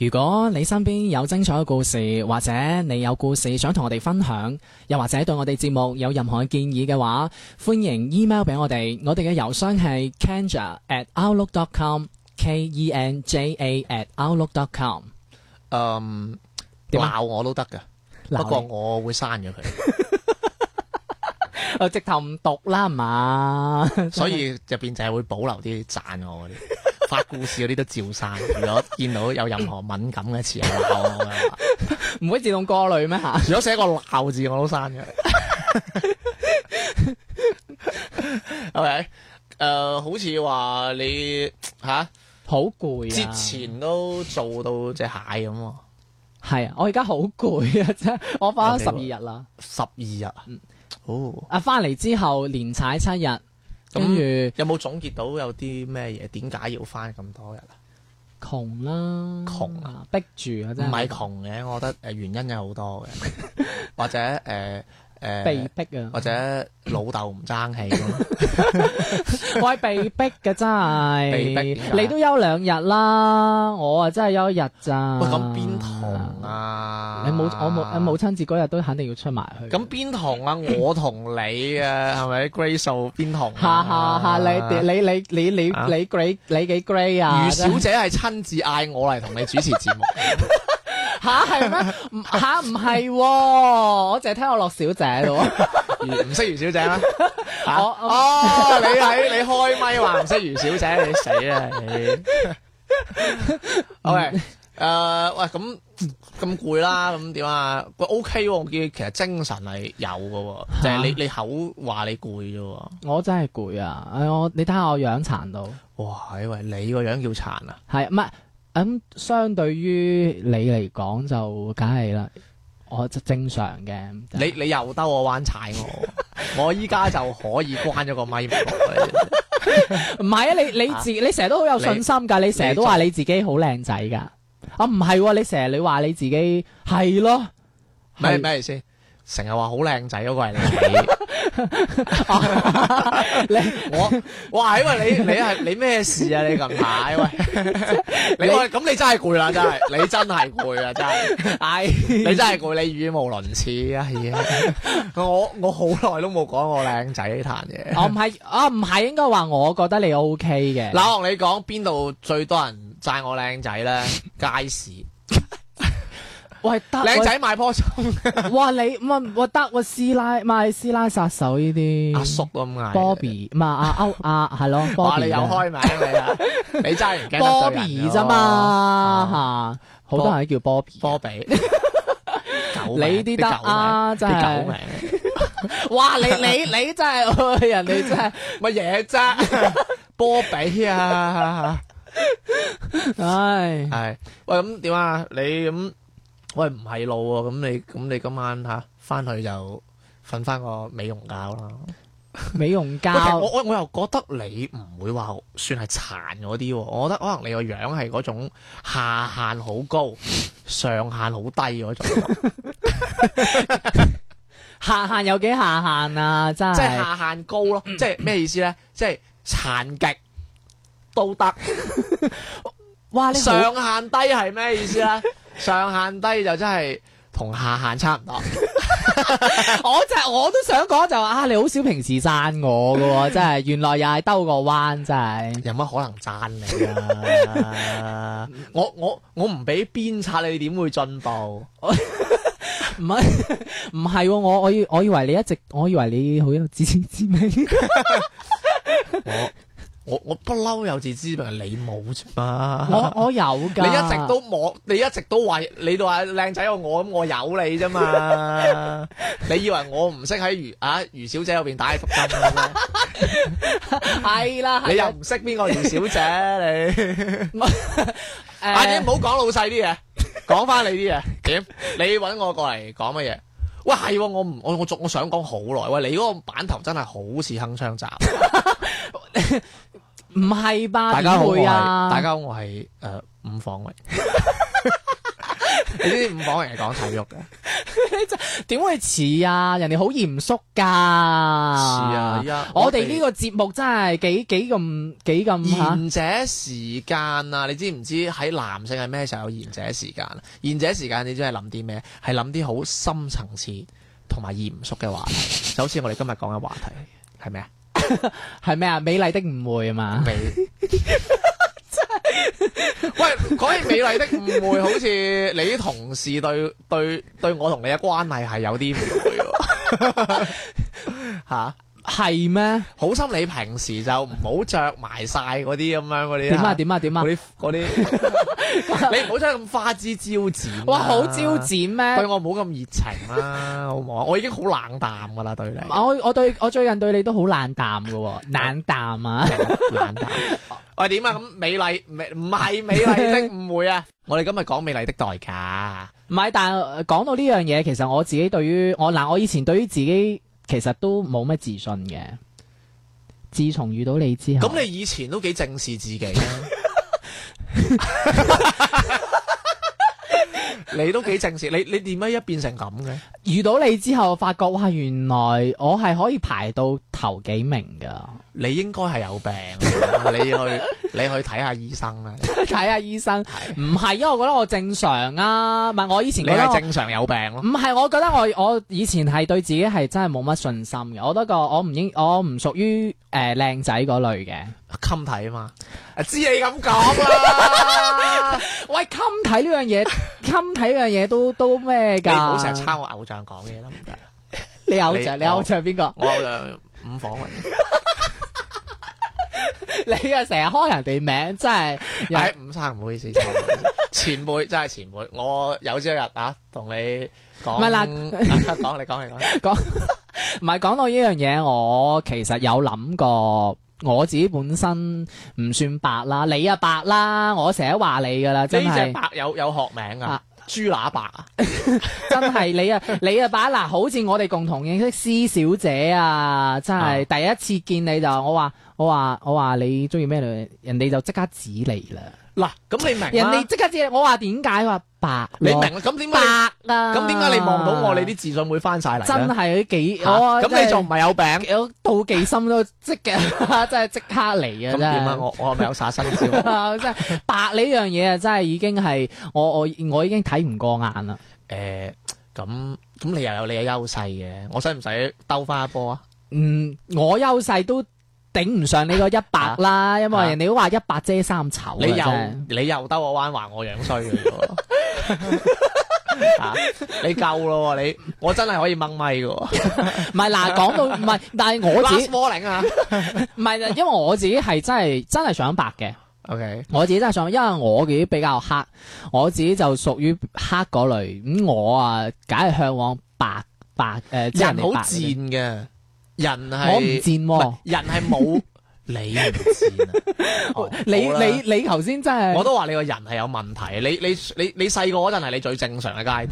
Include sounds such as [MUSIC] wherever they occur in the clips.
如果你身邊有精彩嘅故事，或者你有故事想同我哋分享，又或者對我哋節目有任何建議嘅話，歡迎 email 俾我哋。我哋嘅郵箱係 Kenja at outlook dot com，K E N J A at outlook dot com。誒鬧、um，點樣？鬧我都得㗎，鬧你？不過我會刪咗佢。 [LAUGHS] [LAUGHS] 直頭唔讀啦，係嘛？ [LAUGHS] 所以入邊就係會保留啲讚我嗰啲。發故事嗰啲都照刪，如果見到有任何敏感嘅詞鬧，唔 [LAUGHS] 會自動過濾咩？ [LAUGHS] 如果寫個鬧字我都刪嘅。OK，誒，好似話你吓好攰，啊啊、之前都做到隻蟹咁啊！係啊，我而家好攰啊，真， [LAUGHS] 我翻十二日啦，十二日好。哦，啊，翻嚟之後連踩七日。跟住、嗯、有冇總結到有啲咩嘢？點解要翻咁多日啊？窮啦，窮啊，逼住啊，真係唔係窮嘅。我覺得誒原因有好多嘅， [LAUGHS] [LAUGHS] 或者誒。呃呃、被逼啊，或者老豆唔爭氣，我係被逼嘅真係，你都休兩日啦，我啊真係休一日咋。咁邊堂啊？你母我母母親節嗰日都肯定要出埋去。咁邊堂啊？我同你啊，係咪？Gray e 邊堂？哈哈哈！你你你你你你、啊、你幾 Gray 啊？余小姐係親自嗌我嚟，同你主持節目。 [LAUGHS] 吓係咩？吓唔係，我淨係聽我樂小姐㗎，唔 [LAUGHS] 識余小姐啦。哦，你係你開咪話唔識余小姐，你死啦你 o 誒，喂，咁咁攰啦，咁點啊？喂 OK，我見其實精神係有嘅，就係、是、你、啊、你口話你攰啫。我真係攰啊！我、呃、你睇下我樣殘到。哇！喂你個樣叫殘啊？係唔係？咁、嗯、相對於你嚟講就梗係啦，我就正,正常嘅、就是。你你又兜我彎踩我， [LAUGHS] 我依家就可以關咗個咪。唔係 [LAUGHS] [LAUGHS] 啊，你你自、啊、你成日都好有信心㗎，你成日都話你自己好靚仔㗎。就啊，唔係、啊，你成日你話你自己係咯，係咩意思？成日話好靚仔嗰個係你。 [LAUGHS] [LAUGHS] [LAUGHS] 啊、你我哇，因、哎、為你你係你咩事啊？你近排，哎、 [LAUGHS] [LAUGHS] 你咁你真係攰啦，真係你真係攰啦，真係，唉，你真係攰、哎，你語無倫次啊，係、哎、我我好耐都冇講我靚仔呢壇嘢，我唔係啊，唔係應該話我覺得你 O K 嘅。嗱，我同你講邊度最多人讚我靚仔咧？街市。靚仔賣波，哇你唔啊我得我師奶賣師奶殺手呢啲，阿叔都咁嗌，Bobby 唔係阿歐啊係咯，哇你又開名你啊，你揸完鏡，Bobby 啫嘛吓，好多人都叫 Bobby，波比，狗名，你啲得啊真係，哇你你你真係，人哋真係咪嘢啫，波比啊，係啦，係啦，唉，係喂咁點啊，你咁。喂，唔係路喎，咁你咁你今晚吓翻，啊，去就瞓翻個美容覺啦，美容覺。我我又覺得你唔會話算係殘嗰啲，我覺得可能你個樣係嗰種下限好高，上限好低嗰種。下限有幾下限啊？真係即係下限高咯，嗯，即係咩意思咧？嗯，即係殘極都得。 [LAUGHS] 哇！你上限低係咩意思啊？ [LAUGHS] 上限低就真係同下限差唔多。我就係、我都想講就話、是、啊，你好少平時讚我噶，真係原來又係兜個彎，真係。有乜可能讚你啊？ [LAUGHS] 我我我唔俾鞭策你，點會進步？唔係唔係，我我以我以為你一直，我以為你好有自知之明 [LAUGHS] [LAUGHS] 我我不嬲有自知，你冇啫嘛。我我有噶， [LAUGHS] 你一直都冇，你一直都話你都話靚仔我我有你啫嘛。 [LAUGHS] [LAUGHS] 你以為我唔識喺余啊余小姐入邊打伏針啊？係 [LAUGHS] [LAUGHS] [LAUGHS] [LAUGHS] 啦，啦你又唔識邊個余小姐，啊、你？阿姐唔好講老細啲嘢，講翻你啲嘢你揾我過嚟講乜嘢？喂，係、啊、我唔我我，我，我，我想講好耐。喂，你嗰個版頭真係好似鏗鏘集。 [LAUGHS] 唔係吧？啊、大家好，我，我係大家，我係誒五房榮。 [LAUGHS] [LAUGHS] 你呢啲五房榮係講體育嘅，點 [LAUGHS] 會似啊？人哋好嚴肅噶啊，我哋呢個節目真係幾你幾咁幾咁。賢者時間啊，啊，你知唔知喺男性係咩時候有賢者時間？賢、嗯、者時間，你真係諗啲咩？係諗啲好深層次同埋嚴肅嘅話題。 [LAUGHS] 就好似我哋今日講嘅話題，係咩？啊？係咩 [LAUGHS] 啊？美麗的誤會啊嘛！ [LAUGHS] 喂，講、那、起、個、美麗的誤會，好似你同事對對對我同你嘅關係係有啲誤會，吓、 [LAUGHS] 啊。係咩？好心你平時就唔好着埋晒嗰啲咁樣嗰啲啊！點啊點啊點啊！啲啲、啊，你唔好着咁花枝招展、啊。哇！好招展咩？對我唔好咁熱情啦、啊，好唔好？我已經好冷淡噶啦，對你。我我對我最近對你都好冷淡噶喎、啊， [LAUGHS] 冷淡啊，冷 [LAUGHS] 淡、 [LAUGHS] 哎。喂，點啊？咁美麗，唔係美麗的，誤會啊！ [LAUGHS] 我哋今日講美麗的代價。唔係，但係講到呢樣嘢，其實我自己對於我嗱，我以前對於自己。其實都冇乜自信嘅。自從遇到你之後，咁你以前都幾正視自己咧？ [LAUGHS] [LAUGHS] [LAUGHS] 你都幾正視？你你點解一變成咁嘅？遇到你之後，發覺哇，原來我係可以排到頭幾名噶。你應該係有病 [LAUGHS] 你，你去你去睇下醫生啦，睇 [LAUGHS] 下醫生。唔係啊，因為我覺得我正常啊，唔係我以前係正常有病咯。唔係，我覺得我我以前係對自己係真係冇乜信心嘅。我覺得我我唔應我唔屬於誒靚、呃、仔嗰類嘅。襟睇啊嘛，知你咁講啦。 [LAUGHS] 喂，襟睇呢樣嘢，襟睇呢樣嘢都都咩㗎？你唔好成日抄我偶像講嘢啦，唔得。 [LAUGHS] 你偶像你，你偶像邊個我？我偶像五房雲。 [LAUGHS] [LAUGHS] 你又成日開人哋名，真係唉、哎，伍生唔好意思，前輩 [LAUGHS] 真係前輩，我有朝一日啊同你講，唔係啦，講、啊、你講你講，講唔係講到呢樣嘢，我其實有諗過，我自己本身唔算白啦，你啊白啦，我成日話你噶啦，真係白有有學名啊，豬乸那白啊， [LAUGHS] [LAUGHS] 真係你啊你啊白嗱，好似我哋共同認識施小姐啊，真係、啊、第一次見你就我話。我我話我話你中意咩女人？人哋就即刻指嚟啦！嗱，咁你明？人哋即刻指，我話點解？話白，你明啦？咁點白啦、啊？咁點解你望到我？你啲自信會翻晒嚟？真係啲幾，咁、啊、你仲唔係有病？有妒忌心都即嘅， [LAUGHS] 真係即刻嚟嘅啫。我我係咪有晒新招？ [LAUGHS] [LAUGHS] 白真白呢樣嘢啊！真係已經係我我我已經睇唔過眼啦。誒、呃，咁咁你又有你嘅優勢嘅，我使唔使兜翻一波啊？嗯，我優勢都。頂唔上你個一白啦，啊、因為你都話一白遮三醜。你又你又兜個彎話我樣衰嘅，你夠咯你，我真係可以掹咪㗎。唔係嗱，講到唔係，但係我自己啊，唔係 Last morning. [LAUGHS] [LAUGHS] 因為我自己係真係真係想白嘅。O Okay . K，我自己真係想，因為我自己比較黑，我自己就屬於黑嗰類。咁、嗯、我啊，梗係向往白白誒，即、呃、係人好賤嘅。人係我唔賤、啊、人係冇 [LAUGHS] 你唔賤啊！哦、你呢你你頭先真係我都話你個人係有問題，你你你你細個嗰陣，係你最正常嘅階段，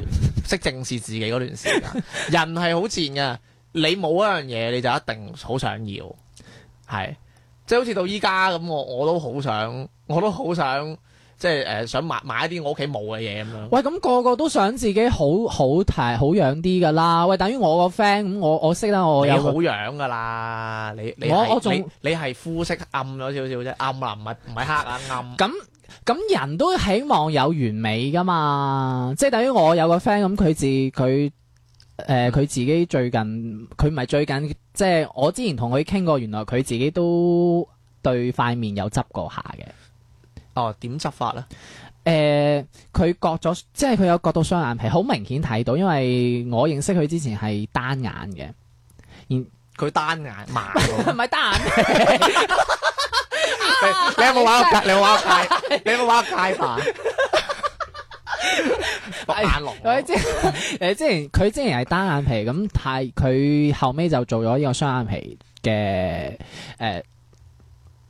識 [LAUGHS] 正視自己嗰段時間，人係好賤㗎，你冇一樣嘢你就一定好想要，係即係好似到依家咁，我我都好想，我都好想。即係誒，想買買一啲我屋企冇嘅嘢咁樣。喂，咁個個都想自己好好睇好樣啲噶啦。喂，等於我個 friend 咁，我我識啦，我，我有好樣噶啦。你你我我你係膚色暗咗少少啫，暗啦，唔係唔係黑啊，暗。咁咁人都希望有完美噶嘛。即係等於我有個 friend 咁，佢自佢誒，佢、呃、自己最近佢唔係最近，即係我之前同佢傾過，原來佢自己都對塊面有執過下嘅。哦，點執法咧？誒、呃，佢割咗，即係佢有割到雙眼皮，好明顯睇到。因為我認識佢之前係單眼嘅，佢單眼，唔係單眼皮。你有冇玩過界？你玩過你有冇玩過界啊？眼龍。佢即係之前佢之前係單眼皮，咁係佢後尾就做咗呢個雙眼皮嘅誒。呃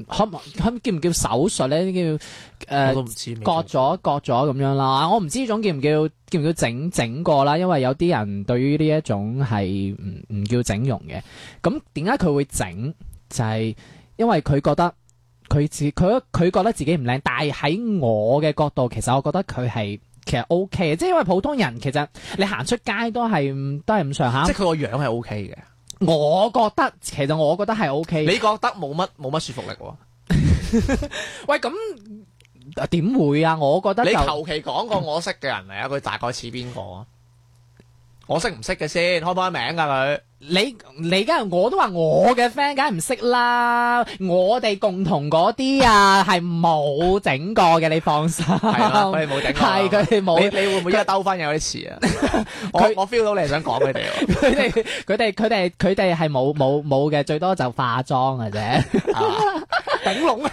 可可叫唔叫手術咧？叫、呃、我都唔知，割咗割咗咁樣啦、啊。我唔知呢種叫唔叫叫唔叫整整過啦。因為有啲人對於呢一種係唔唔叫整容嘅。咁點解佢會整？就係、是、因為佢覺得佢自佢佢覺得自己唔靚。但係喺我嘅角度，其實我覺得佢係其實 O K 嘅。即係因為普通人其實你行出街都係都係唔上下，啊、即係佢個樣係 O K 嘅。我覺得其實我覺得係 OK，你覺得冇乜冇乜説服力喎、啊？ [LAUGHS] 喂，咁點會啊？我覺得你求其講個我識嘅人嚟啊，佢 [LAUGHS] 大概似邊個啊？我識唔識嘅先，開唔開名噶佢？你你梗係，我都話我嘅 friend 梗係唔識啦，我哋共同嗰啲啊係冇整過嘅，你放心。係啦，佢哋冇整過。係佢哋冇。你你會唔會因為兜翻有啲詞啊？我我 feel 到你係想講佢哋。佢哋佢哋佢哋佢哋係冇冇冇嘅，最多就化妝嘅啫。頂籠啊？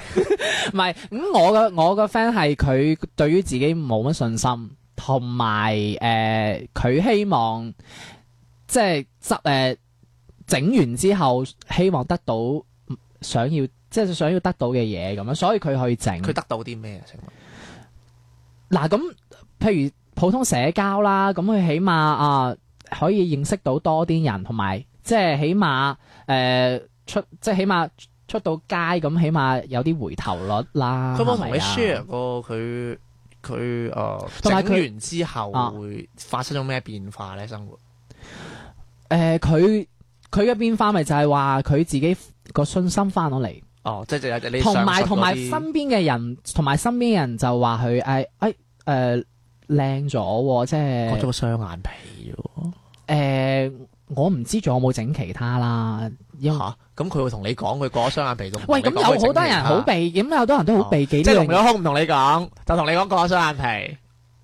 唔係，咁、嗯、我嘅我嘅 friend 係佢對於自己冇乜信心。同埋誒，佢、呃、希望即係執誒整完之後，希望得到想要即係想要得到嘅嘢咁樣，所以佢去整。佢得到啲咩？嗱咁、啊，譬如普通社交啦，咁佢起碼啊可以認識到多啲人，同埋即係起碼誒、呃、出即係起碼出到街，咁起碼有啲回頭率啦。佢、啊、share 過佢。佢同埋佢完之後、啊、會發生咗咩變化咧？生活誒，佢佢嘅變化咪就係話佢自己個信心翻到嚟哦，即係就有同埋同埋身邊嘅人，同埋身邊嘅人就話佢誒誒誒靚咗，即係割咗個雙眼皮啫喎、呃。我唔知仲有冇整其他啦。嚇！咁佢會同你講，佢割咗雙眼皮都唔會講。喂，咁有好多人好避，咁有多人都好避忌，即係隆咗胸唔同你講，就同你講割雙眼皮。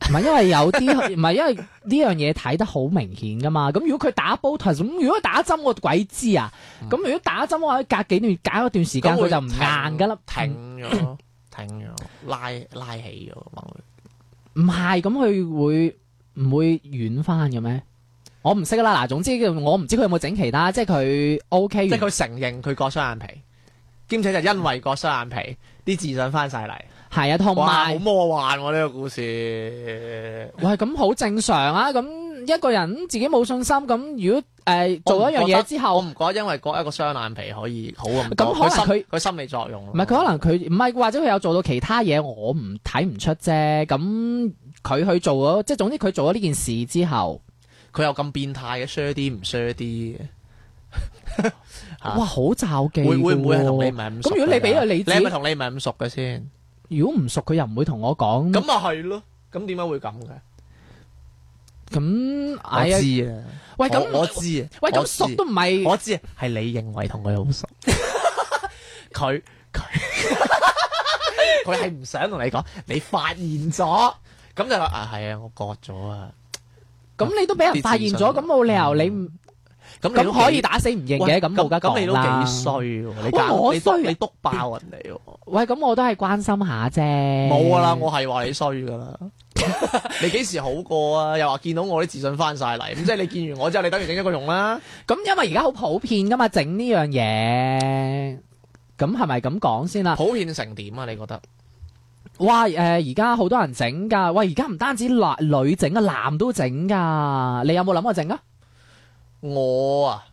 唔係因為有啲，唔係因為呢樣嘢睇得好明顯噶嘛。咁如果佢打 Botox，咁如果打針個鬼知啊？咁如果打針嘅話，隔幾段隔一段時間，佢就唔硬噶啦，停咗，停咗，拉拉起咗。唔係，咁佢會唔會軟翻嘅咩？我唔識啦嗱，總之我唔知佢有冇整其他，即係佢 O K。即係佢承認佢割雙眼皮，兼且就因為割雙眼皮啲、嗯、自信翻晒嚟係啊。同埋，哇，這個、好魔幻呢個故事。喂，咁好正常啊。咁一個人自己冇信心，咁如果誒、呃、做一樣嘢之後，我唔覺，覺得因為割一個雙眼皮可以好咁。咁可能佢佢心，心理作用唔係佢可能佢唔係或者佢有做到其他嘢，我唔睇唔出啫。咁佢去做咗，即係總之佢做咗呢件事之後。佢有咁變態嘅，share 啲唔 share 啲嘅，哇好罩忌嘅，會會唔會係同你唔係咁熟？咁如果你俾佢你知？你係咪同你唔係咁熟嘅先？如果唔熟，佢又唔會同我講。咁啊係咯，咁點解會咁嘅？咁我知啊，喂咁我知啊，喂咁熟都唔係，我知啊，係你認為同佢好熟，佢佢佢係唔想同你講，你發現咗，咁就話啊係啊，我割咗啊。咁你都俾人發現咗，咁冇理由你咁可以打死唔認嘅，咁冇得講啦。咁你都幾衰喎，喂，我衰，你篤爆人哋。喂，咁我都係關心下啫。冇啊啦，我係話你衰噶啦。你幾時好過啊？又話見到我啲自信翻曬嚟，咁即係你見完我之後，你等於整一個用啦。咁因為而家好普遍噶嘛，整呢樣嘢。咁係咪咁講先啦？普遍成點啊？你覺得？哇！誒，而家好多人整噶，喂，而家唔單止女整啊，男都整噶。你有冇諗過整啊？我啊，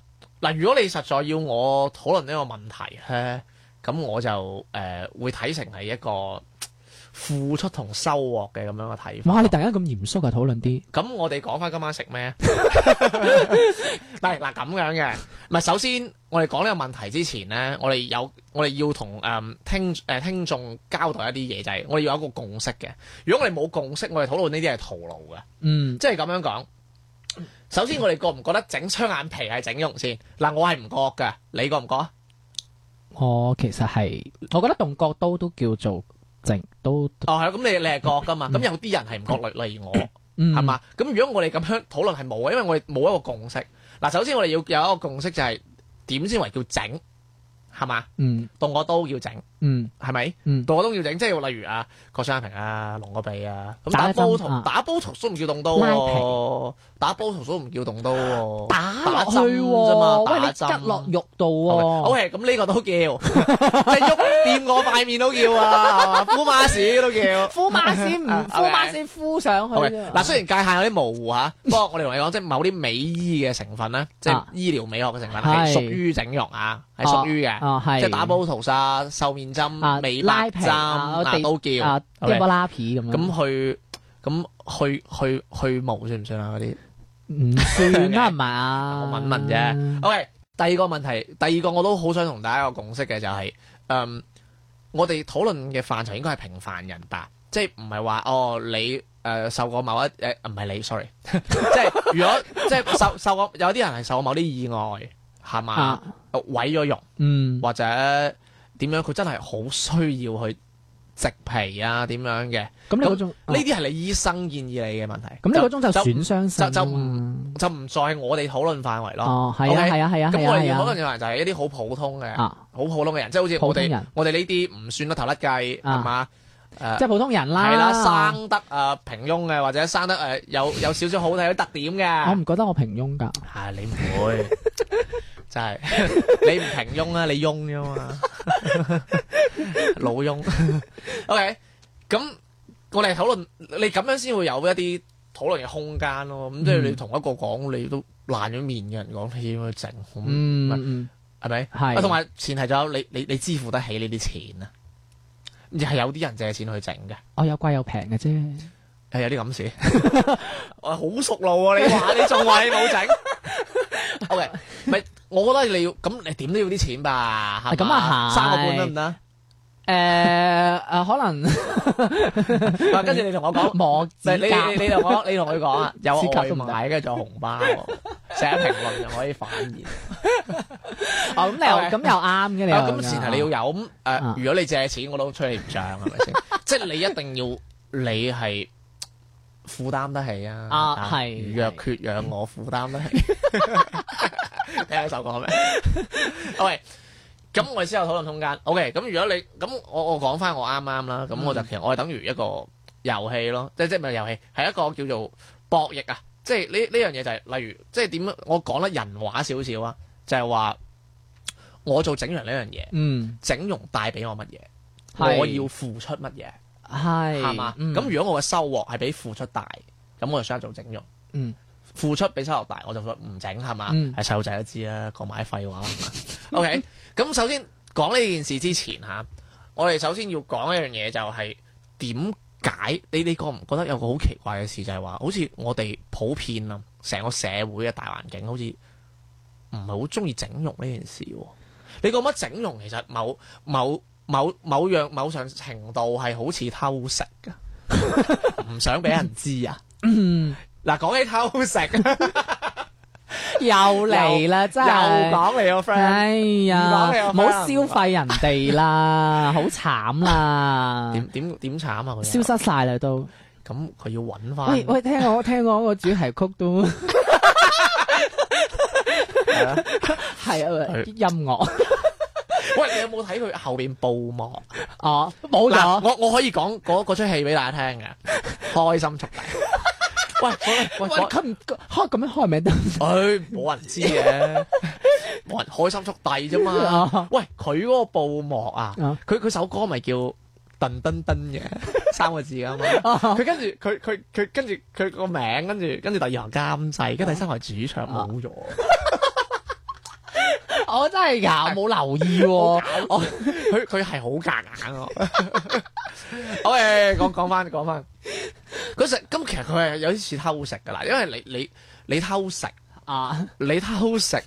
嗱、呃，如果你實在要我討論呢個問題咧，咁、呃、我就誒、呃、會睇成係一個。付出同收穫嘅咁樣嘅睇法。哇！你突然間咁嚴肅啊，討論啲。咁我哋講翻今晚食咩？但係嗱咁樣嘅，唔係首先我哋講呢個問題之前咧，我哋有我哋要同誒聽誒聽眾交代一啲嘢，就係我哋要有一個共識嘅。如果我哋冇共識，我哋討論呢啲係徒勞嘅。嗯，即係咁樣講。首先我哋覺唔覺得整雙眼皮係整容先？嗱，我係唔覺嘅，你覺唔覺啊？我其實係，我覺得動過刀都叫做。都哦，係、嗯、啊，咁你你係覺噶嘛？咁有啲人係唔覺，例例如我，係嘛，嗯？咁如果我哋咁樣討論係冇嘅，因為我哋冇一個共識。嗱，首先我哋要有一個共識就，就係點先為叫整？係嘛？嗯，動我刀要整，嗯，係咪？嗯，動我刀要整，即係例如啊，割雙眼皮啊，隆個鼻啊。打玻尿打玻尿酸唔叫動刀，打玻尿酸唔叫動刀喎。打落去啫嘛，喂，你吉落肉度喎。O K，咁呢個都叫，即係喐掂我塊面都叫啊，敷馬屎都叫。敷馬屎唔敷馬屎敷上去。嗱，雖然界限有啲模糊吓，不過我哋同你講，即係某啲美醫嘅成分咧，即係醫療美學嘅成分係屬於整容啊，係屬於嘅。哦，係即係打 Botox、瘦面針、啊、美拉針、啊啊、都叫，劍、啊、一撥 okay、啊、拉皮咁樣。咁去咁去去去毛算唔算啊？嗰啲唔算啦，係咪啊？我問問啫。OK，第二個問題，第二個我都好想同大家一個共識嘅就係、是，嗯，我哋討論嘅範疇應該係平凡人吧，即係唔係話哦你誒、呃、受過某一誒唔係你，sorry， [LAUGHS] 即係如果即係受受過有啲人係受過某啲意外，係嘛？啊毀咗肉，或者點樣？佢真係好需要去植皮啊？點樣嘅？咁呢種呢啲係你醫生建議你嘅問題。咁呢個種就損傷性就唔就唔在我哋討論範圍咯。哦，係啊，係啊，咁我哋討論嘅範圍就係一啲好普通嘅，好普通嘅人，即係好似我哋我哋呢啲唔算甩頭甩計係嘛？誒，即係普通人啦，係啦，生得啊平庸嘅，或者生得誒有有少少好睇嘅特點嘅。我唔覺得我平庸噶，係你唔會。就係 [LAUGHS] 你唔平庸啊，你庸啫嘛， [LAUGHS] 老翁，OK，咁我哋討論，你咁樣先會有一啲討論嘅空間咯。咁即係你同一個講，你都爛咗面嘅人講， [LAUGHS] 樣 [LAUGHS] 你要去整，唔係咪？係啊，同埋前提就係你你你支付得起呢啲錢啊，而係有啲人借錢去整嘅。哦，有貴有平嘅啫，係有啲咁事。我好熟路，你話你仲話你冇整。OK，唔係，我覺得你要咁，你點都要啲錢吧？係咁啊，三個半得唔得？誒誒，可能。跟住你同我講，網資格，你你你同我，你同佢講啊，有外賣，跟住做紅包，寫評論就可以返現。哦，咁又咁又啱嘅，你又咁前提你要有咁誒，如果你借錢，我都催你唔上係咪先？即係你一定要你係。負擔得起啊！啊係，若缺氧我負擔、嗯、得起。聽呢首歌係咪？喂，咁我哋先有討論空間。OK，咁如果你咁，我我講翻我啱啱啦。咁我就其實、嗯、我係等於一個遊戲咯，即即係咪遊戲？係一個叫做博弈啊，即係呢呢樣嘢就係、是，例如即係點？我講得人話少少啊，就係、是、話我做整容呢樣嘢，嗯，整容帶俾我乜嘢？是我要付出乜嘢？係，係嘛？咁、嗯、如果我嘅收穫係比付出大，咁我就想做整容。嗯，付出比收穫大，我就唔整，係嘛？係細路仔都知啦，講埋啲廢話。O K，咁首先講呢件事之前吓、啊，我哋首先要講一樣嘢、就是，就係點解你你覺唔覺得有個好奇怪嘅事，就係、是、話好似我哋普遍啊，成個社會嘅大環境好似唔係好中意整容呢件事。你覺唔覺得整容？其實某某。某某樣某上程度係好似偷食嘅，唔想俾人知啊！嗱，講起偷食，又嚟啦，真係，又講你個 friend，哎呀，唔好消費人哋啦，好慘啦！點點點慘啊！消失晒啦都，咁佢要揾返。喂喂，聽我聽我個主題曲都係啊，係啊，音樂。喂，你有冇睇佢後邊佈幕？哦，冇咗。我我可以講嗰出戲俾大家聽嘅，開心速遞。喂喂，佢咁樣開名得？誒，冇人知嘅，冇人開心速遞啫嘛。喂，佢嗰個佈幕啊，佢首歌咪叫鄧鄧鄧嘅三個字啊嘛。佢跟住佢佢佢跟住佢個名，跟住跟住第二行監製，跟第三行主唱冇咗。我、哦、真係噶，我冇留意喎。我佢佢係好夾硬哦。好誒、 [LAUGHS] 哦，我講翻講翻，佢食咁、 [LAUGHS] [LAUGHS] okay，其實佢係有啲似偷食噶啦，因為你你你偷食啊，你偷食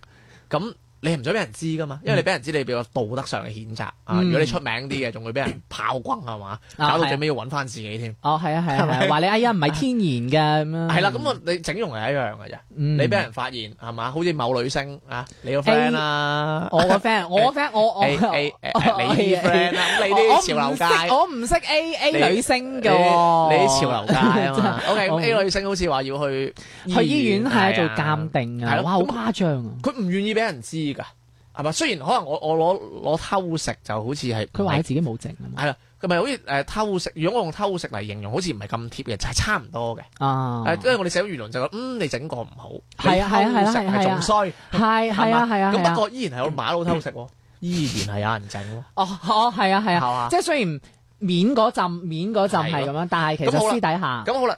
咁。你唔想俾人知噶嘛？因為你俾人知，你比較道德上嘅譴責啊！如果你出名啲嘅，仲會俾人炮轟係嘛？搞到最尾要揾翻自己添。哦，係啊，係啊，話你哎呀唔係天然㗎咁啊！係啦，咁你整容係一樣㗎啫。你俾人發現係嘛？好似某女星啊，你個 friend 啦，我個 friend，我個 friend，我你啲 A A A friend 啦，我唔識，我唔識 A A 女星嘅，你啲潮流界。啊 O K，A 女星好似話要去去醫院係做鑑定啊，係咯，哇好誇張啊！佢唔願意俾人知。啲噶，係嘛？雖然可能我我攞攞偷食就好似係，佢話自己冇整啊嘛。係啦，佢咪好似誒偷食。如果我用偷食嚟形容，好似唔係咁貼嘅，就係差唔多嘅。啊，因為我哋寫到輿論就講，嗯，你整個唔好，係啊係啊係啊係啊，仲衰，係啊係啊係啊。咁不過依然係有馬佬偷食，依然係有人整咯。哦哦，係啊係啊，即係雖然面嗰浸面嗰浸係咁樣，但係其實私底下咁好啦。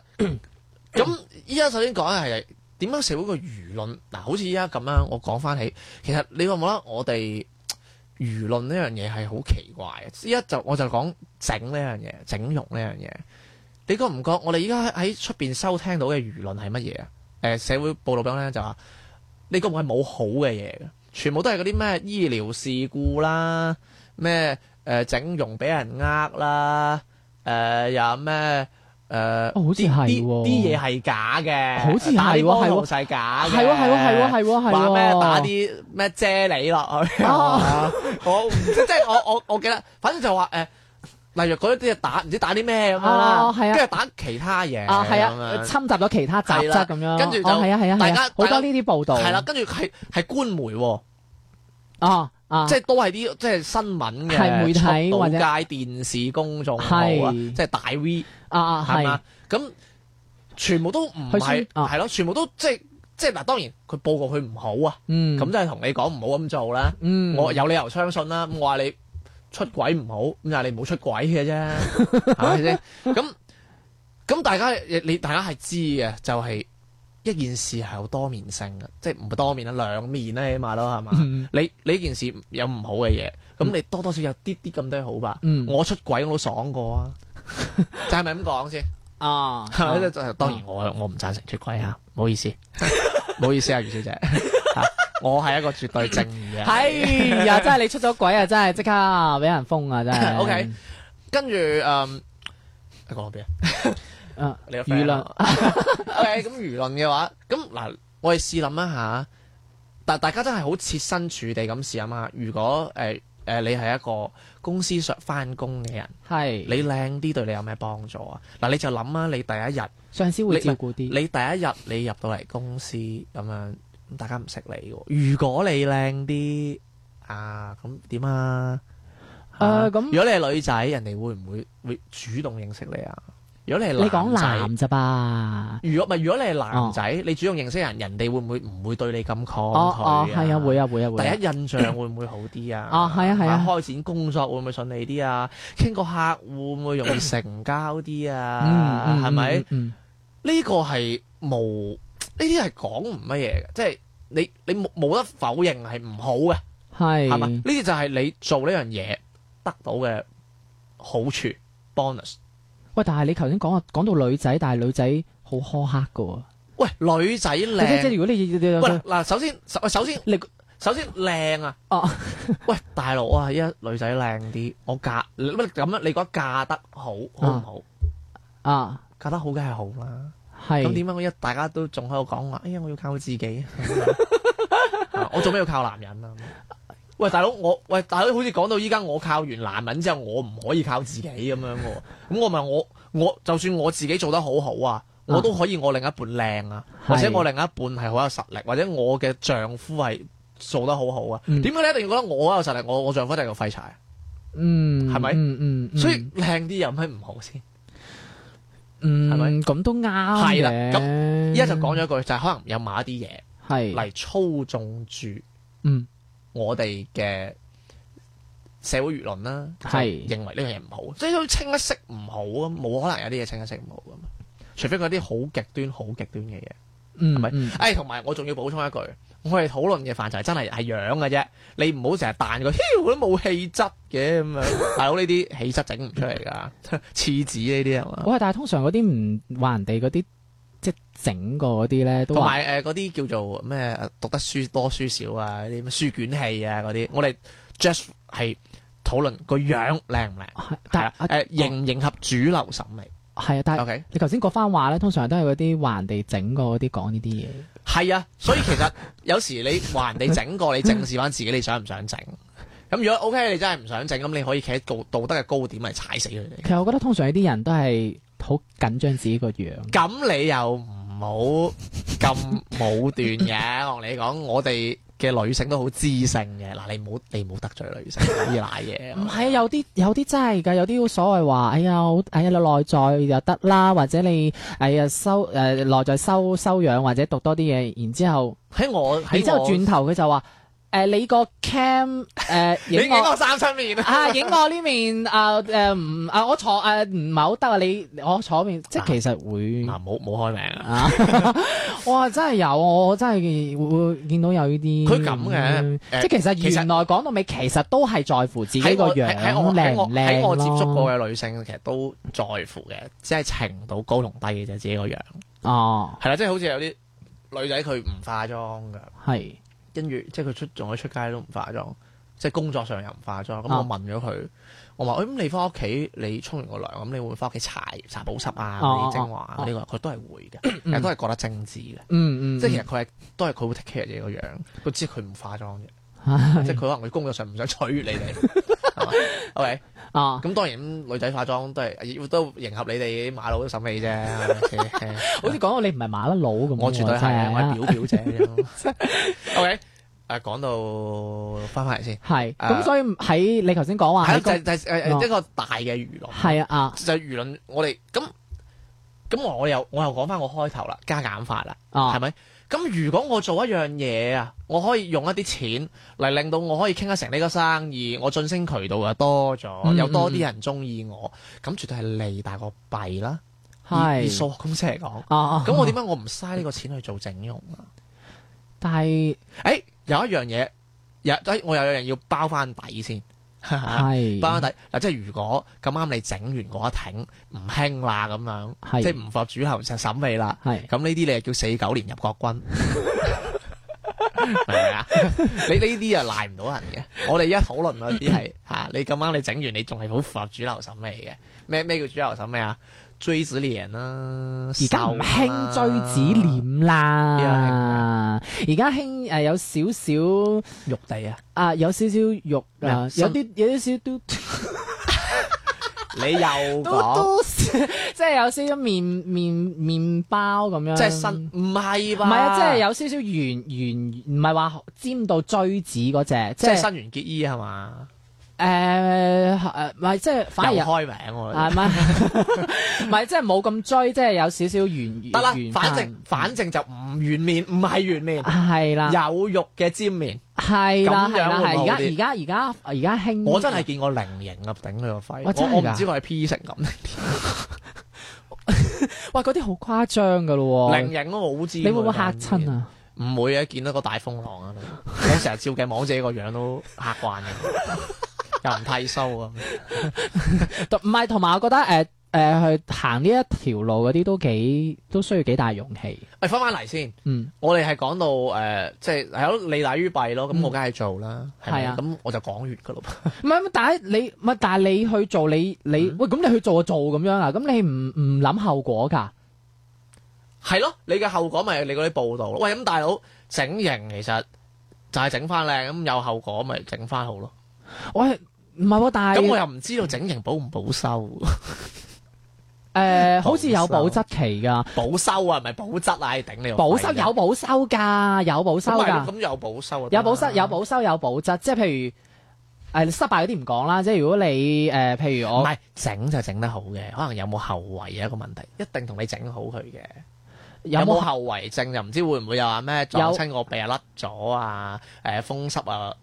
咁依家首先講嘅係。點樣社會個輿論嗱？好似依家咁樣，我講翻起，其實你覺唔覺得我哋輿論呢樣嘢係好奇怪？之一就我就講整呢樣嘢、整容呢樣嘢。你覺唔覺我哋依家喺出邊收聽到嘅輿論係乜嘢啊？誒、呃、社會報道講咧就話，你個冇係冇好嘅嘢嘅，全部都係嗰啲咩醫療事故啦、咩誒、呃、整容俾人呃啦、誒、呃、又有咩？誒，好似係啲嘢係假嘅，好似係假嘅，係喎，係喎，係喎，係喎，話咩打啲咩啫喱落去，我即係我我我記得，反正就話誒，例如嗰啲打唔知打啲咩咁樣啦，跟住打其他嘢，係啊，侵襲咗其他雜質咁樣，係啊係啊，大家好多呢啲報導，係啦，跟住係係官媒喎，哦。即係都係啲即係新聞嘅，媒體或者電視公眾號啊，即係大 V 啊，係嘛？咁全部都唔係，係、啊、咯，全部都即係即係嗱，當然佢報告佢唔好啊，咁即係同你講唔好咁做啦。嗯、我有理由相信啦。咁我話你出軌唔好，咁就係你唔好出軌嘅啫，係咪先？咁咁 [LAUGHS] [LAUGHS] [LAUGHS] 大家你大家係知嘅，就係、是。一件事係有多面性嘅，即係唔多面啦，兩面啦，起碼都係嘛？你你呢件事有唔好嘅嘢，咁你多多少少有啲啲咁多好吧？我出軌我都爽過啊！就係咪咁講先啊？係咪？當然我我唔贊成出軌啊！唔好意思，唔好意思啊，余小姐，我係一個絕對正義嘅。係啊，真係你出咗軌啊，真係即刻俾人封啊！真係。OK，跟住嗯，你講到邊啊？嗯，輿論。OK，咁輿論嘅話，咁嗱，我哋試諗一下，但大家真係好設身處地咁試下嘛。如果誒誒、呃呃，你係一個公司上翻工嘅人，係是你靚啲，對你有咩幫助啊？嗱，你就諗啦、啊，你第一日上司會照顧啲、呃。你第一日你入到嚟公司咁樣，咁大家唔識你嘅、啊。如果你靚啲啊，咁點啊？誒、呃，咁、嗯、如果你係女仔，人哋會唔會會主動認識你啊？如果你係男，你講男咋吧。如果唔係，如果你係男仔，你主動認識人，人哋會唔會唔會對你咁抗拒？哦哦，係啊，會啊，會啊，會。第一印象會唔會好啲啊？哦，係啊，係啊。開展工作會唔會順利啲啊？傾個客戶會唔會容易成交啲啊？嗯嗯，係咪？嗯，呢個係冇，呢啲係講唔乜嘢嘅，即係你你冇冇得否認係唔好嘅，係係嘛？呢啲就係你做呢樣嘢得到嘅好處 bonus。喂，但係你頭先講啊，講到女仔，但係女仔好苛刻㗎喎。喂，女仔靚。即係，如果你，喂，嗱，首先，首先，首先你，首先靚啊。哦。啊、 [LAUGHS] 喂，大佬啊，依家女仔靚啲，我嫁乜咁啊？樣你覺得嫁得好好唔好啊？啊，嫁得好梗係好啦。係是。咁點解我一大家都仲喺度講話？哎呀，我要靠自己。 [LAUGHS] [LAUGHS] [LAUGHS] 我做咩要靠男人啊？喂，大佬，我喂，大佬，好似講到依家我靠完男人之後，我唔可以靠自己咁樣嘅。咁我咪我我就算我自己做得好好啊，啊我都可以我另一半靚啊，是或者我另一半係好有實力，或者我嘅丈夫係做得好好啊。點解、嗯、你一定要覺得我有實力，我我丈夫係個廢柴啊？嗯，係咪吧？嗯，所以靚啲有咩唔好先？嗯，係、嗯、咪？咁都啱嘅。咁依家就講咗一句，就係、是、可能有某啲嘢嚟操縱住。嗯。我哋嘅社會輿論啦、啊，係是認為呢樣嘢唔好，即係都清一色唔好啊，冇可能有啲嘢清一色唔好噶嘛，除非嗰啲好極端、好極端嘅嘢，係咪、嗯？誒，同埋、嗯哎、我仲要補充一句，我哋討論嘅範圍真係係樣嘅啫，你唔好成日彈個，我都冇氣質嘅咁啊，大佬，呢啲氣質整唔出嚟噶，次子呢啲係嘛？喂，但係通常嗰啲唔話人哋嗰啲。即係整過嗰啲咧，都同埋嗰啲叫做咩讀得書多書少啊？啲書卷氣啊嗰啲，我哋 just 係討論個樣靚唔靚，但係誒迎唔迎合主流審美係啊！但係 Okay? 你頭先嗰番話咧，通常都係嗰啲話人哋整過嗰啲講呢啲嘢係啊！所以其實 [LAUGHS] 有時你話人哋整過，你正視翻自己，你想唔想整？咁 [LAUGHS] 如果 OK，你真係唔想整，咁你可以企喺道德嘅高點嚟踩死佢哋。其實我覺得通常呢啲人都係。好緊張自己個樣，咁你又唔好咁武斷嘅。 [LAUGHS] 我同你講，我哋嘅女性都好知性嘅。嗱，你唔好，你唔好得罪女性而賴嘢。唔係 [LAUGHS] 啊，有啲，有啲真係㗎，有啲所謂話，哎呀，哎呀，內在又得啦，或者你哎呀修誒、呃、內在修，修養，或者讀多啲嘢，然之後喺我，然之後轉頭佢就話。誒、啊，你個 cam 誒影我，影我三七面啊，影我呢面啊誒唔啊我坐誒唔係好得啊你我坐面，即、就、係、是、其實會啊冇冇、啊、開名啊， [LAUGHS] 哇，臭力哇真係有我真係會，會見到有呢啲，佢咁嘅，即係、嗯嗯、其實原來講實到尾，其實都係在乎自己個樣，靚靚、啊、我，我，我，我，我，我接觸過嘅女性，其實都在乎嘅，即係程度高同低嘅啫，自己個樣哦，係、就、啦、是，即係好似有啲女仔佢唔化妝噶，係 dette。跟住即係佢出仲可以出街都唔化妝，即係工作上又唔化妝。咁、啊、我問咗佢，我話，誒咁你翻屋企，你沖完個涼，咁你會唔會翻屋企搽擦保濕啊、補啲、啊、精華嗰、啊、啲、啊、個，佢、嗯、都係會嘅，都係覺得精緻嘅。嗯嗯，即係其實佢係都係佢會 take care 嘢個樣，佢知佢唔化妝嘅，即係佢可能佢工作上唔想取悦你哋。O K。啊！咁當然女仔化妝都係亦都迎合你哋啲馬佬審美啫。好似講到你唔係馬甩佬咁，我絕對係我係表表者 OK，誒講到翻翻嚟先，係咁。所以喺你頭先講話，係一個大嘅娛樂，係啊，就係輿論。我哋咁咁我又我又講翻我開頭啦，加減法啦，係咪？咁如果我做一樣嘢啊，我可以用一啲錢嚟令到我可以傾得成呢個生意，我晉升渠道又多咗，嗯、有多啲人中意我，咁絕對係利大過弊啦。係以數學公式嚟講，咁我點解我唔嘥呢個錢去做整容啊？但係是，誒、欸，有一樣嘢，又、欸、我有一樣嘢要包翻底先。係，包底嗱，即係如果咁啱你整完嗰一挺唔興啦，咁樣即係唔符合主流審美啦，咁呢啲你係叫四九年入國軍，係咪啊？你呢啲啊賴唔到人嘅。我哋依家討論嗰啲係吓，你咁啱你整完，你仲係好符合主流審美嘅。咩咩叫主流審美啊？.錐子臉、啊、啦，而家唔興錐子臉啦，而家興誒有少少肉地啊，啊身有，有少少肉，啊， [LAUGHS] [LAUGHS] 有啲有少少嘟。你又講，即係有少少面面麵包咁樣，即係身唔係吧？唔係啊，即係有少少圓圓，唔係話尖到錐子嗰隻，即係新垣結衣係嘛？誒誒，唔係即係反而開名係咪？唔係即係冇咁追，即係有少少圓圓得啦。反正反正就唔圓面，唔係圓面，係啦，有肉嘅尖面係啦，係啦。而家而家而家而家興，我真係見過菱形啊，頂佢個肺！我真係唔知佢係 P 成咁。喂，嗰啲好誇張噶咯，菱形都好尖。你會唔會嚇親啊？唔會啊，見到個大風浪啊！我成日照鏡望自己個樣都嚇慣嘅。又唔剃鬚啊？唔係， [LAUGHS] [LAUGHS] 同埋我覺得誒誒、呃呃、去行呢一條路嗰啲都幾都需要幾大勇氣。喂，翻翻嚟先，嗯，我哋係講到誒、呃，即係有利大於弊咯。咁、嗯、我梗係做啦，係啊。咁我就講完噶咯。唔係唔但係你唔係，但係你，你去做你你、嗯、喂咁你去做就做咁樣啊？咁你唔唔諗後果噶？係咯，你嘅後果咪你嗰啲報道咯。喂，咁大佬整形其實就係整翻靚，咁有後果咪整翻好咯。喂。唔係但係咁我又唔知道整形保唔保修？誒，好似有保質期㗎。保修啊，係咪保質啊，頂你！保修有保修㗎，有保修㗎。咁有保修啊？有保修，有保修，有保質。即係譬如誒、呃、失敗嗰啲唔講啦。即係如果你誒、呃，譬如我唔係整就整得好嘅，可能有冇後遺嘅一個問題，一定同你整好佢嘅。有冇後遺症？會會又唔知會唔會又話咩撞親我鼻啊，甩咗啊？誒、欸、風濕啊，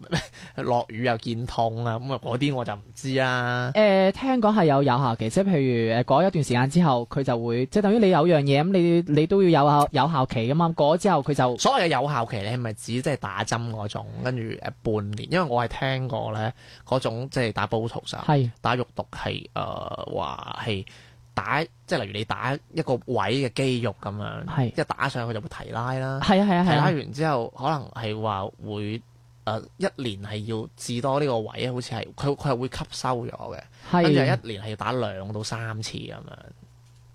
落 [LAUGHS] 雨又見痛啊！咁啊嗰啲我就唔知啦、啊。誒、呃、聽講係有有效期，即係譬如誒過咗一段時間之後，佢就會即係等於你有樣嘢咁，你你都要有效有效期㗎嘛。過咗之後佢就所謂嘅有效期咧。你係咪指即係打針嗰種跟住誒半年？因為我係聽過咧嗰種即係打 Botox，是打肉毒係誒話係。呃打，即係例如你打一個位嘅肌肉咁樣，是一打上去就會提拉啦。係啊係啊係。啊提拉完之後，可能係話會誒、呃、一年係要至多呢個位好，好似係佢佢係會吸收咗嘅。係跟住一年係要打兩到三次咁樣。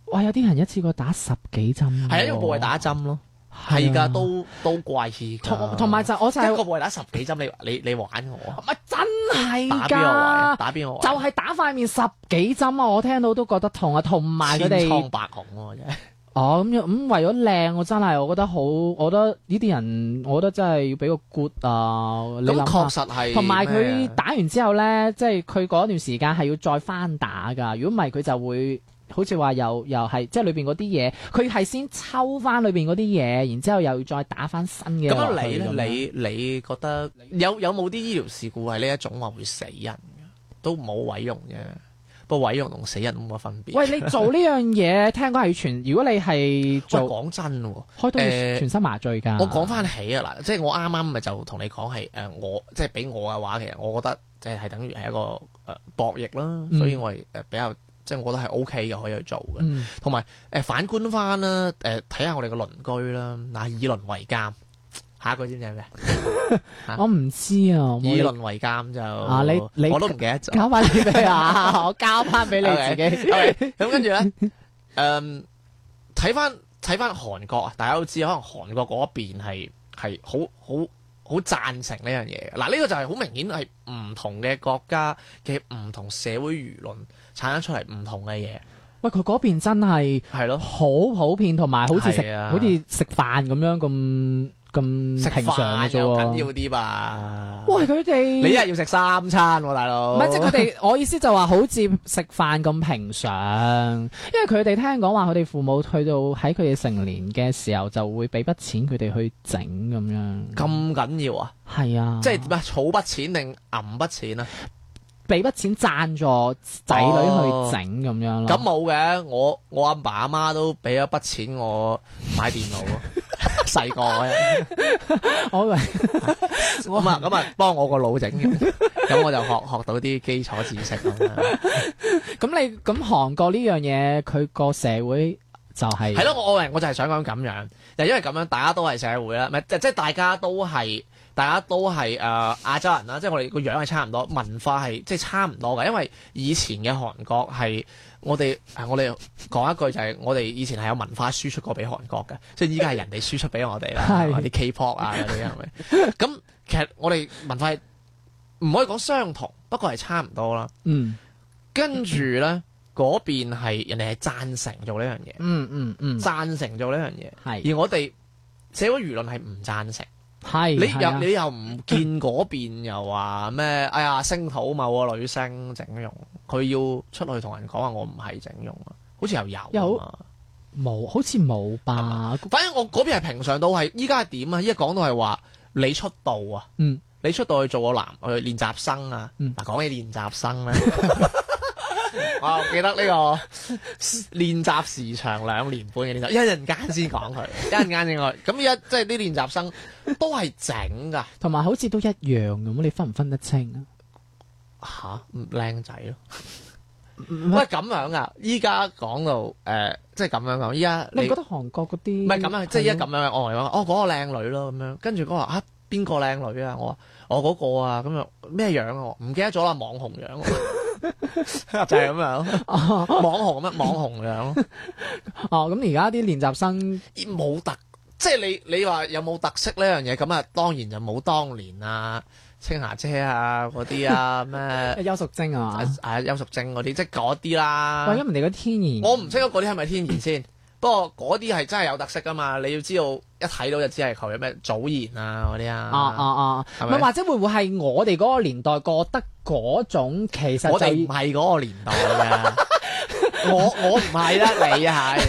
喂，有啲人一次過打十幾針。係啊，因為部位打針咯。係噶，都都怪氣。同埋就我就一、是、個位打十幾針，你你你玩我？唔係真係㗎，打邊個就係打塊面十幾針啊！我聽到都覺得痛啊！同埋佢哋千瘡百孔、啊、 [LAUGHS] 哦，咁、嗯、咁為咗靚，我真係我覺得好，我覺得呢啲人，我覺得真係要俾個 good 啊！咁、嗯、確實係。同埋佢打完之後咧，麼即係佢嗰段時間係要再翻打㗎。如果唔係，佢就會。好似話又又係即係裏邊嗰啲嘢，佢係先抽翻裏邊嗰啲嘢，然之後又再打翻新嘅落去咁。你樣你你覺得有有冇啲醫療事故係呢一種話會死人嘅？都冇毀容嘅，不過毀容同死人冇乜分別。喂，你做呢樣嘢， [LAUGHS] 聽講係全，如果你係做講真，開刀全身麻醉㗎、欸。我講翻起啊嗱，即係我啱啱咪就同你講係誒，我即係俾我嘅話，其實我覺得即係係等於係一個誒、呃呃、博弈啦，所以我係誒比較。即係我覺得係 O K 嘅，可以去做嘅。同埋誒，反觀翻啦，誒、呃，睇下我哋嘅鄰居啦。嗱，以鄰為鑑，下一句先知係咩？我唔知啊！知啊以鄰理為鑑就啊，你你我都唔記得咗。搞翻你俾我、啊， [LAUGHS] [LAUGHS] [LAUGHS] [LAUGHS] 我交翻俾你自己。咁跟住咧，誒，睇翻睇翻韓國啊，大家都知，可能韓國嗰邊係好好好贊成呢樣嘢。嗱、啊，呢、這個就係好明顯係唔同嘅國家嘅唔同社會輿論。產生出嚟唔同嘅嘢，喂！佢嗰邊真係係咯，好普遍同埋好似食、啊、好似食飯咁樣咁咁平常嘅。食飯又緊要啲吧？喂！佢哋你一日要食三餐喎、啊，大佬。唔係即係佢哋， [LAUGHS] 我意思就話好似食飯咁平常。因為佢哋聽講話，佢哋父母去到喺佢哋成年嘅時候，就會俾筆錢佢哋去整咁樣。咁緊要啊？係啊。即係點啊？儲筆錢定揞筆錢啊？俾筆錢贊助仔女去整咁樣咯，咁冇嘅，我我阿爸阿媽都俾咗筆錢我買電腦，細個嘅，我以為咁啊咁啊幫我個腦整，咁我就學學到啲基礎知識。咁你咁韓國呢樣嘢，佢個社會就係係咯，我我就係想講咁樣，就因為咁樣大家都係社會啦，咪，係即係大家都係。大家都係誒、呃、亞洲人啦，即係我哋個樣係差唔多，文化係即係差唔多嘅，因為以前嘅韓國係我哋、呃、我哋講一句就係、是、我哋以前係有文化輸出過俾韓國嘅，即係依家係人哋輸出俾我哋啦，啲是 K-pop 啊嗰啲係咪？咁 [LAUGHS] 其實我哋文化唔可以講相同，不過係差唔多啦、嗯嗯。嗯，跟住咧嗰邊係人哋係贊成做呢樣嘢。嗯嗯嗯，贊成做呢樣嘢。係而我哋社會輿論係唔贊成。係是你又、啊、你又唔見嗰邊又話咩？哎呀，星土某個，女星整容，佢要出去同人講話，我唔係整容啊，好似又有有？冇好似冇吧，吧？反正我嗰邊係平常到係依家係點啊？依家講到係話你出道啊，嗯，你出道去做個男去練習生啊？嗱、嗯，講起練習生咧。 [LAUGHS] [LAUGHS] 啊、我記得呢個練習時長兩年半嘅練習，一陣間先講佢，一陣間先講佢。咁而家即係啲練習生都係整噶，同埋好似都一樣咁，你分唔分得清啊？吓，唔靚仔咯，唔係咁樣噶。依家講到誒，即係咁樣講。依家你覺得韓國嗰啲唔係咁樣啊？即係一咁樣，我講哦，嗰個靚女咯，咁樣跟住我話啊，邊個靚女啊？我。我嗰個啊，咁又咩樣啊？唔記得咗啦，網紅樣、啊、 [LAUGHS] [LAUGHS] 就係咁樣 [LAUGHS] 網。網紅咁樣網紅樣、啊？ [LAUGHS] 哦，咁而家啲練習生冇特，即係你你話有冇特色呢樣嘢？咁啊，當然就冇當年啊，青霞姐啊嗰啲啊咩邱淑貞啊，係邱淑貞嗰啲，即係嗰啲啦。為咗人哋個天然，我唔識嗰啲係咪天然先。 [COUGHS] 不過嗰啲係真係有特色噶嘛？你要知道一睇到就知係求其咩祖賢啊嗰啲啊。哦哦哦，唔係或者會唔會係我哋嗰個年代覺得嗰種，其實我哋唔係嗰個年代㗎。 [LAUGHS] 我我唔係啦，你係。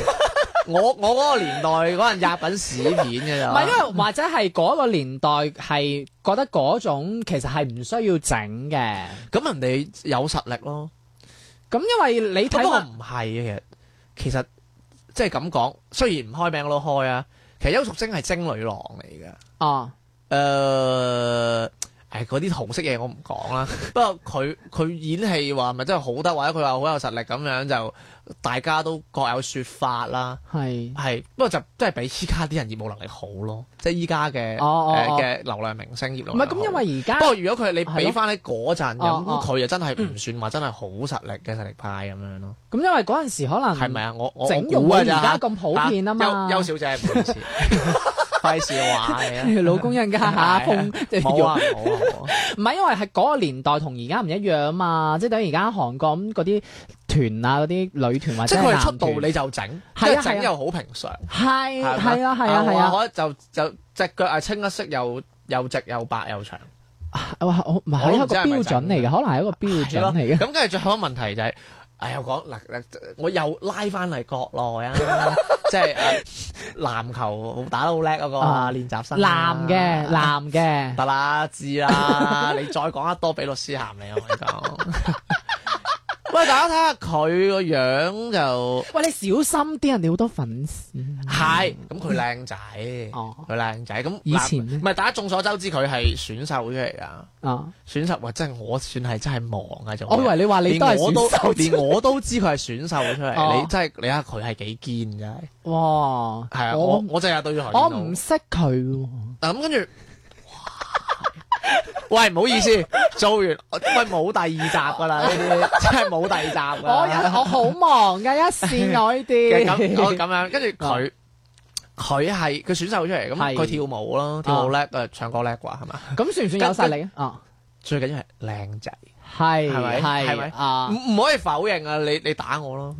我我嗰個年代嗰陣入緊屎片㗎咋。唔係，或者係嗰個年代係覺得嗰種其實係唔需要整嘅。咁人哋有實力咯。咁因為你睇到唔係嘅，其實。其實即係咁講，雖然唔開名我都開啊。其實邱淑貞係精女郎嚟嘅。啊、哦，誒、呃，誒嗰啲紅色嘢我唔講啦。 [LAUGHS] 不過佢佢演戲話咪真係好得，或者佢話好有實力咁樣就。大家都各有說法啦，係係，不過就都係比依家啲人業務能力好咯，即係依家嘅嘅流量明星業。唔係咁，因為而家不過如果佢你俾翻你嗰陣，咁佢又真係唔算話真係好實力嘅實力派咁樣咯。咁因為嗰陣時可能係咪啊？我我整容我估啊，而家咁普遍啊嘛。邱小姐，唔好意開笑話嚟，老公人家下吓，即係弱。唔係因為係嗰個年代同而家唔一樣嘛，即係等於而家韓國咁嗰啲團啊，嗰啲女團或者男團即係佢出道你就整，即係整又好平常。係係啊係啊係啊，我就就隻腳係清一色，又又直又白又長。唔係一個標準嚟嘅，可能係一個標準嚟嘅。咁跟住最後一個問題就係。哎呀，講嗱嗱，我又拉翻嚟國內啊， [LAUGHS] 即係籃、啊、球打得好叻嗰個練習生、啊哦，男嘅，男嘅，得、啊、啦，知啦， [LAUGHS] 你再講得多俾律師函你、啊，我、這、講、個。 [LAUGHS] 喂，大家睇下佢個樣就，喂，你小心啲，人哋好多粉絲。係，咁佢靚仔，佢靚仔。咁以前唔係，大家眾所周知佢係選秀出嚟噶。啊，選秀啊，真係我算係真係忙啊，就。我以為你話你都係選秀，連我都知佢係選秀出嚟。你真係，你睇下佢係幾堅真係。哇！係啊，我我真係對住佢。我唔識佢喎。嗱咁跟住。喂，唔好意思，做完，喂冇第二集噶啦，呢啲真係冇第二集啊！我我好忙噶，一線外電，咁我咁樣，跟住佢，佢係佢選秀出嚟，咁佢跳舞咯，跳舞叻誒，唱歌叻啩，係嘛？咁算唔算有實力啊？最緊要係靚仔，係係咪係咪啊？唔唔可以否認啊！你你打我咯，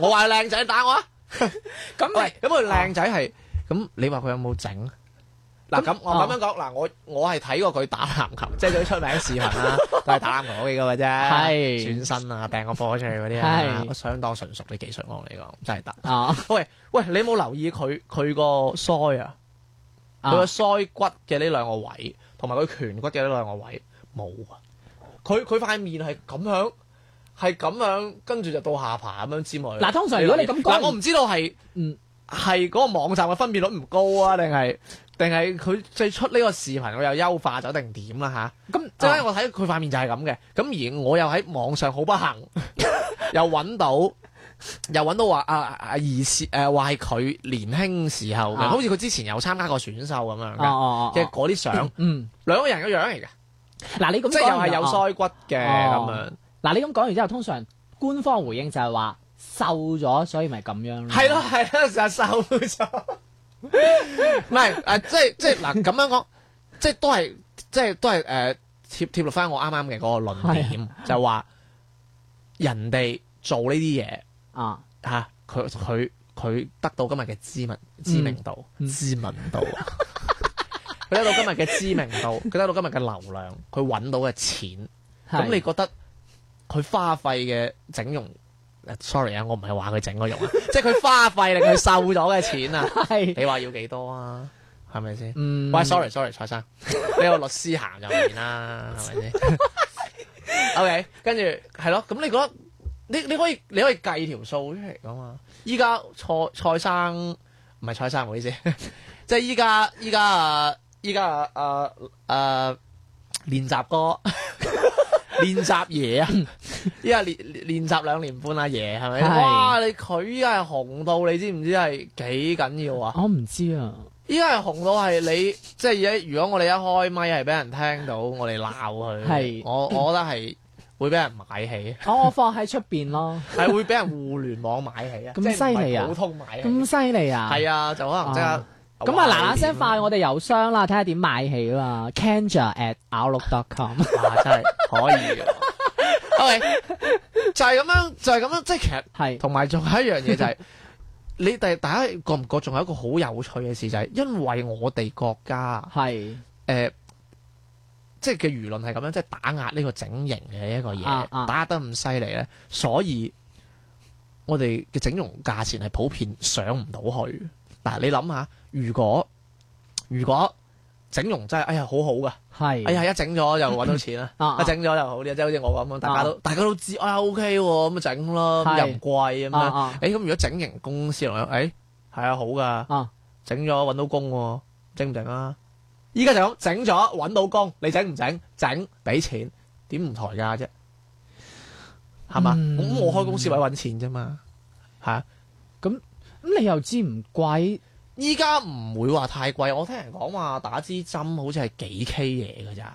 我話靚仔打我啊！咁咪咁佢靚仔係，咁你話佢有冇整？嗱咁、啊啊啊，我咁樣講，嗱，我我係睇過佢打籃球，即係嗰出名視頻啦，都係打籃球嗰啲噶啫，轉 [LAUGHS] 是身啊，掟個波出去嗰啲啊， [LAUGHS] 是相當純熟嘅技術我同你講，真係得。啊，就是、啊喂喂，你有冇留意佢佢個腮啊？佢個腮骨嘅呢兩個位，同埋佢顴骨嘅呢兩個位，冇啊！佢佢塊面係咁樣，係咁樣，跟住就到下巴咁樣尖落去。嗱、啊，通常如果你咁講，我唔知道係，嗯，係嗰個網站嘅分辨率唔高啊，定係？定係佢最初呢個視頻佢又優化咗定點啦吓？咁即係我睇佢塊面就係咁嘅，咁而我又喺網上好不幸 [LAUGHS] 又揾到又揾到話阿阿兒時誒話係佢年輕時候嘅，好似佢之前有參加過選秀咁樣嘅，即係嗰啲相。嗯，兩個人嘅樣嚟嘅。嗱、啊、你咁即係又係有腮骨嘅咁、啊啊、樣。嗱、啊啊、你咁講完之後，通常官方回應就係話瘦咗，所以咪咁樣咯。係咯係咯，就係瘦咗。唔係誒，即係即係嗱，咁樣講，即係都係，即係都係誒，貼貼落翻我啱啱嘅嗰個論點，啊、就話人哋做呢啲嘢啊吓，佢佢佢得到今日嘅知名知名度，知名度，佢得到今日嘅知名度，佢 [LAUGHS] 得到今日嘅流量，佢搵到嘅錢，咁、啊、你覺得佢花費嘅整容？sorry [LAUGHS] 啊，我唔係話佢整嗰肉啊，即係佢花費令佢瘦咗嘅錢啊，你話要幾多啊？係咪先？喂，sorry，sorry，蔡生，你個律師行入面啦，係咪先？OK，跟住係咯，咁你覺得你你可以你可以計條數出嚟噶嘛？依家樣、啊、蔡蔡生唔係蔡生，唔好意思， [LAUGHS] 即係依家依家啊依家啊啊啊練習歌。 [LAUGHS] 練習嘢啊！依家練練習兩年半啊，嘢係咪？是哇！你佢依家係紅到，你知唔知係幾緊要啊？我唔知啊！依家係紅到係你，即係而家如果我哋一開咪係俾人聽到，我哋鬧佢，是我我覺得係會俾人買起、 [LAUGHS] 哦。我放喺出邊咯，係 [LAUGHS] 會俾人互聯網買起啊！咁犀利啊！普通買啊！咁犀利啊！係啊，就可能即刻、哦。咁啊，嗱嗱聲快，我哋郵箱啦，睇下點買起啦，Canja at Outlook.com。 [LAUGHS] 哇，真係可以、啊。喂、okay，就係咁樣，就係、是、咁樣，即係其實係同埋仲有一樣嘢、就是，就係 [LAUGHS] 你哋大家覺唔覺仲係一個好有趣嘅事，就係、是、因為我哋國家係誒是、呃，即係嘅輿論係咁樣，即係打壓呢個整形嘅一個嘢，啊啊、打壓得咁犀利咧，所以我哋嘅整容價錢係普遍上唔到去。嗱、啊，你諗下，如果如果整容真係，哎呀，好好噶，係是，哎呀，一整咗就搵到錢啦， [LAUGHS] 啊啊一整咗又好啲，即係好似我咁，大家都、啊、大家都知，哎 OK 喎，咁整咯，又唔貴咁樣，誒，咁如果整形公司嚟，誒、哎，係啊，好噶，啊、整咗搵到工，整唔整啊？依家就咁，整咗搵到工，你整唔整？整，俾錢，點唔抬價啫？係嘛？咁、嗯、 [LAUGHS] 我開公司為搵錢啫嘛，吓、啊。咁你又知唔貴？依家唔會話太貴。我聽人講話打支針好似係幾 K 嘢噶咋？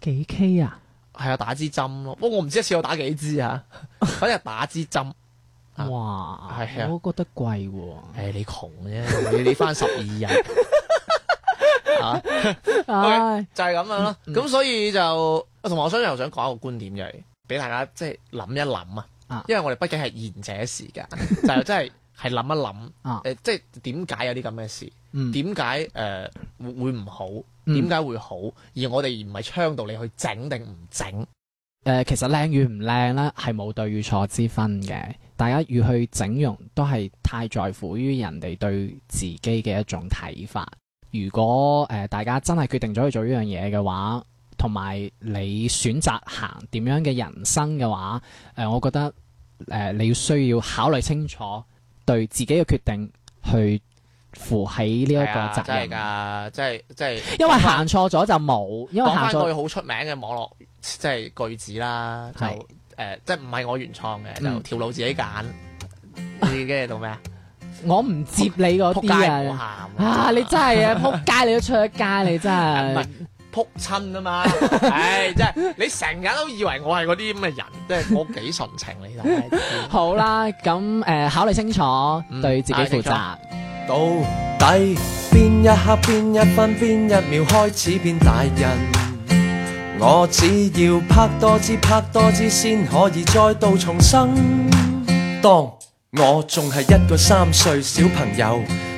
幾 K 啊？係啊，打支針咯。不過我唔知一次我打幾支啊。反正 [LAUGHS] 打支針。哇！係啊，我覺得貴喎、啊。誒、哎，你窮啫，你你翻十二日啊？就係咁樣咯。咁所以就，同埋我想又想講一個觀點嘅，俾大家即係諗一諗啊。啊，因為我哋畢竟係賢者時間噶，就真、是、係、就是。 [LAUGHS] [LAUGHS] 係諗一諗誒、啊呃，即係點解有啲咁嘅事？點解誒會會唔好？點解、嗯、會好？而我哋唔係倡導你去整定唔整誒、呃？其實靚與唔靚咧係冇對與錯之分嘅。大家要去整容都係太在乎於人哋對自己嘅一種睇法。如果誒、呃、大家真係決定咗去做呢樣嘢嘅話，同埋你選擇行點樣嘅人生嘅話誒、呃，我覺得誒、呃、你需要考慮清楚。對自己嘅決定去負起呢一個責任，啊、真係嘅即係即係。因為行錯咗就冇，因為講返句好出名嘅網絡即係句子啦，是就誒、呃、即係唔係我原創嘅，嗯、就條路自己揀。嗯、你今日做咩啊？我唔接你嗰啲人啊！你真係啊！撲街你都出咗街，你真係。 [LAUGHS] 啊撲親啊嘛，唉、 [LAUGHS] 哎，真係你成日都以為我係嗰啲咁嘅人，即係我幾純情你嚟、就、嘅、係。哎、 [LAUGHS] 好啦，咁誒、呃，考慮清楚，嗯、對自己負責、啊。到底邊一刻、邊一分、邊一秒開始變大人？我只要拍多支、拍多支，先可以再度重生。當我仲係一個三歲小朋友。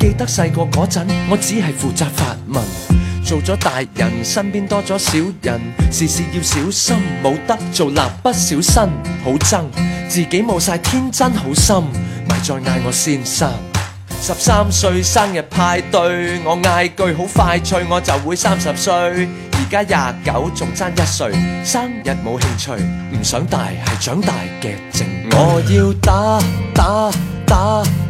記得細個嗰陣，我只係負責發問。做咗大人，身邊多咗小人，事事要小心，冇得做蠟筆小新。好憎自己冇晒天真，好心咪再嗌我先生。十三歲生日派對，我嗌句好快脆，我就會三十歲。而家廿九，仲差一歲，生日冇興趣，唔想大，係長大嘅靜。正我要打打打。打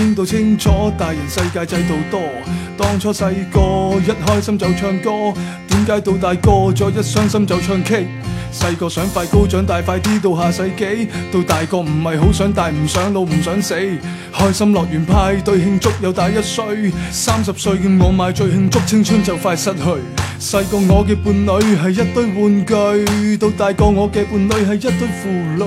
聽到清楚，大人世界制度多。當初細個一開心就唱歌，點解到大個咗一傷心就唱 K？細個想快高長大快，快啲到下世紀。到大個唔係好想大，唔想老，唔想死。開心樂園派對慶祝又大一歲。三十歲嘅我買醉慶祝青春就快失去。細個我嘅伴侶係一堆玩具，到大個我嘅伴侶係一堆負累。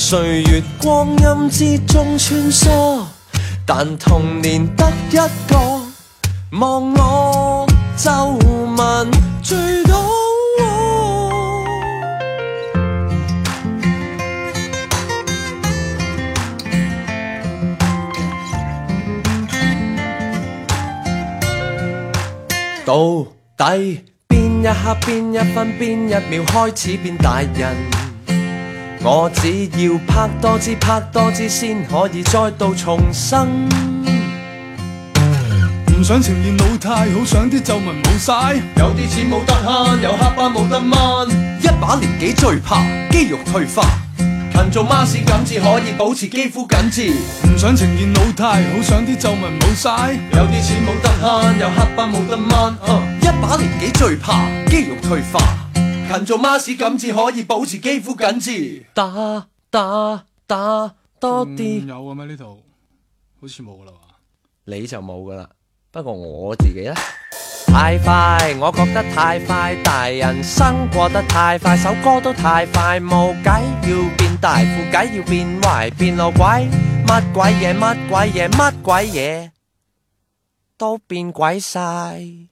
歲月光陰之中穿梭，但童年得一個望我皺紋最懂我。 [MUSIC] 到底邊一刻、邊一分、邊一秒開始變大人？我只要拍多支拍多支，先可以再度重生。唔想呈現老態，好想啲皺紋冇晒。有啲錢冇得慳，有黑斑冇得掹。一把年紀最怕肌肉退化，勤做馬屎咁至可以保持肌膚緊致。唔想呈現老態，好想啲皺紋冇晒。有啲錢冇得慳，有黑斑冇得掹。Uh. 一把年紀最怕肌肉退化。勤做 mask 咁至可以保持肌膚緊緻。打打打多啲、嗯。有嘅咩呢度？好似冇噶啦，你就冇噶啦。不過我自己咧， [MUSIC] 太快，我覺得太快，大人生過得太快，首歌都太快，冇計，要變大富計要變壞，變老鬼，乜鬼嘢乜鬼嘢乜鬼嘢都變鬼晒。